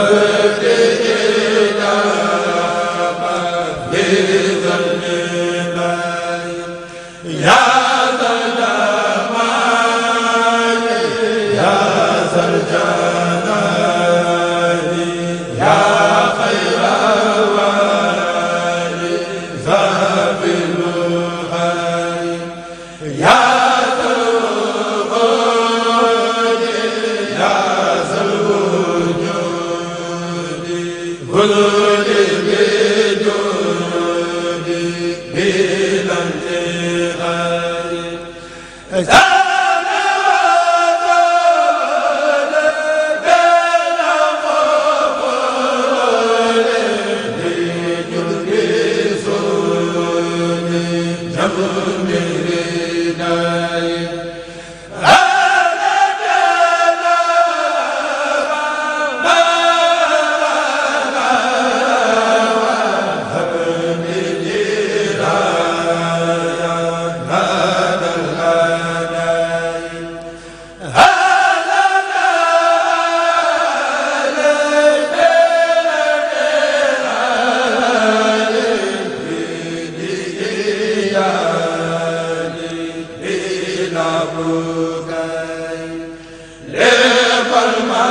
a Lord. kay lebal ma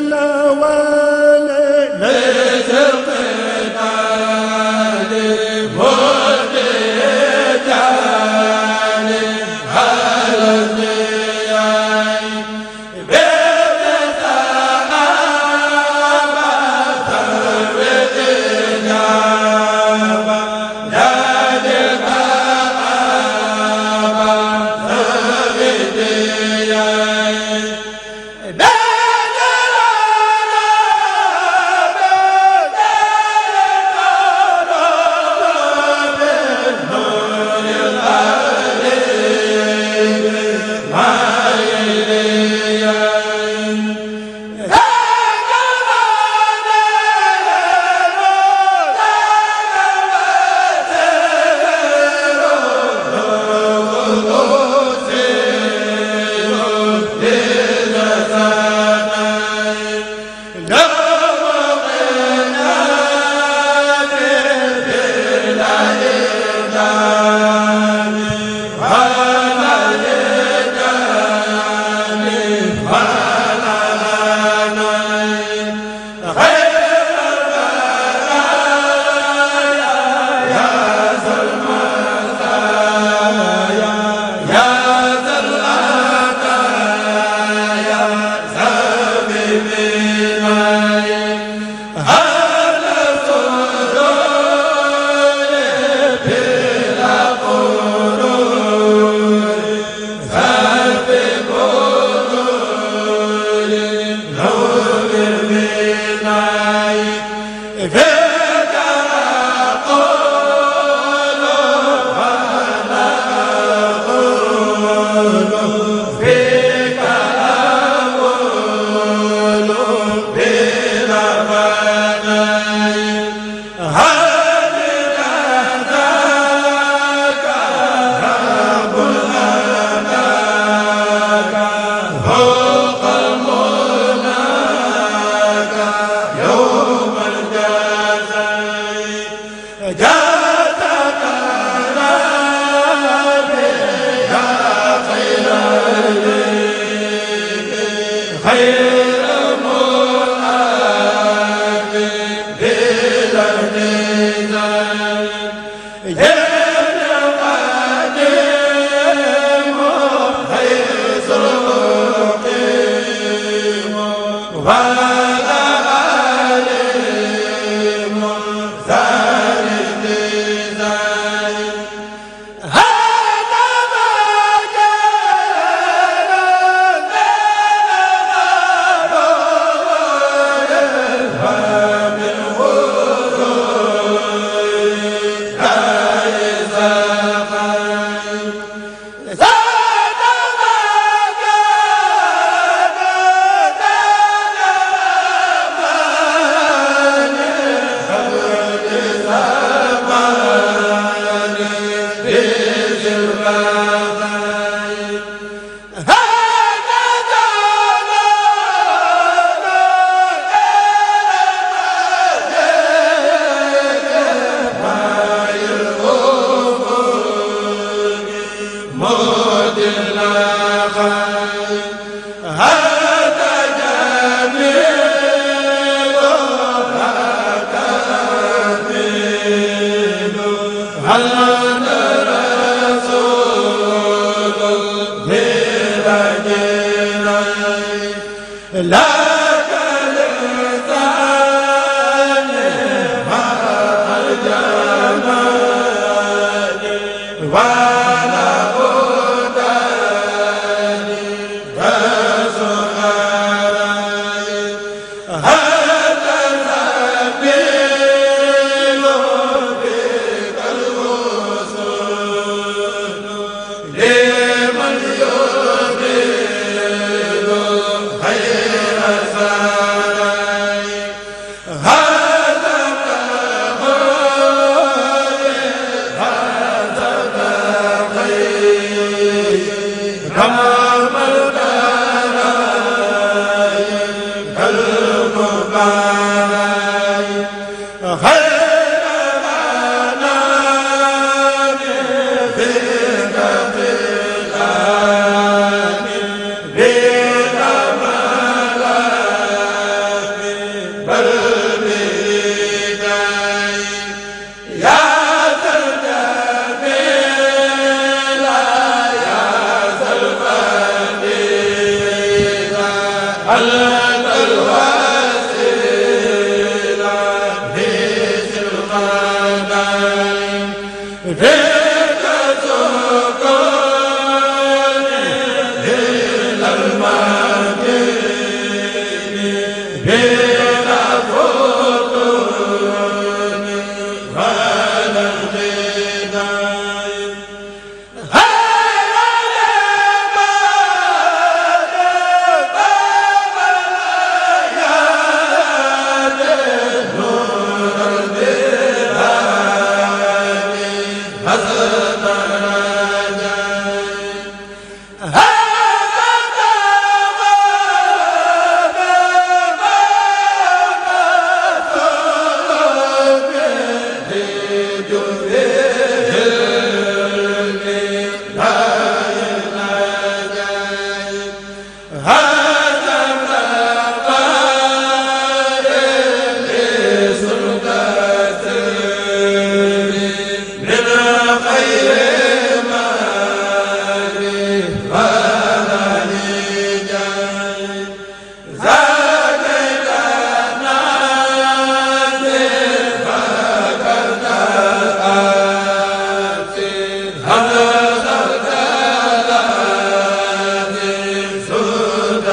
la la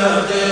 yaa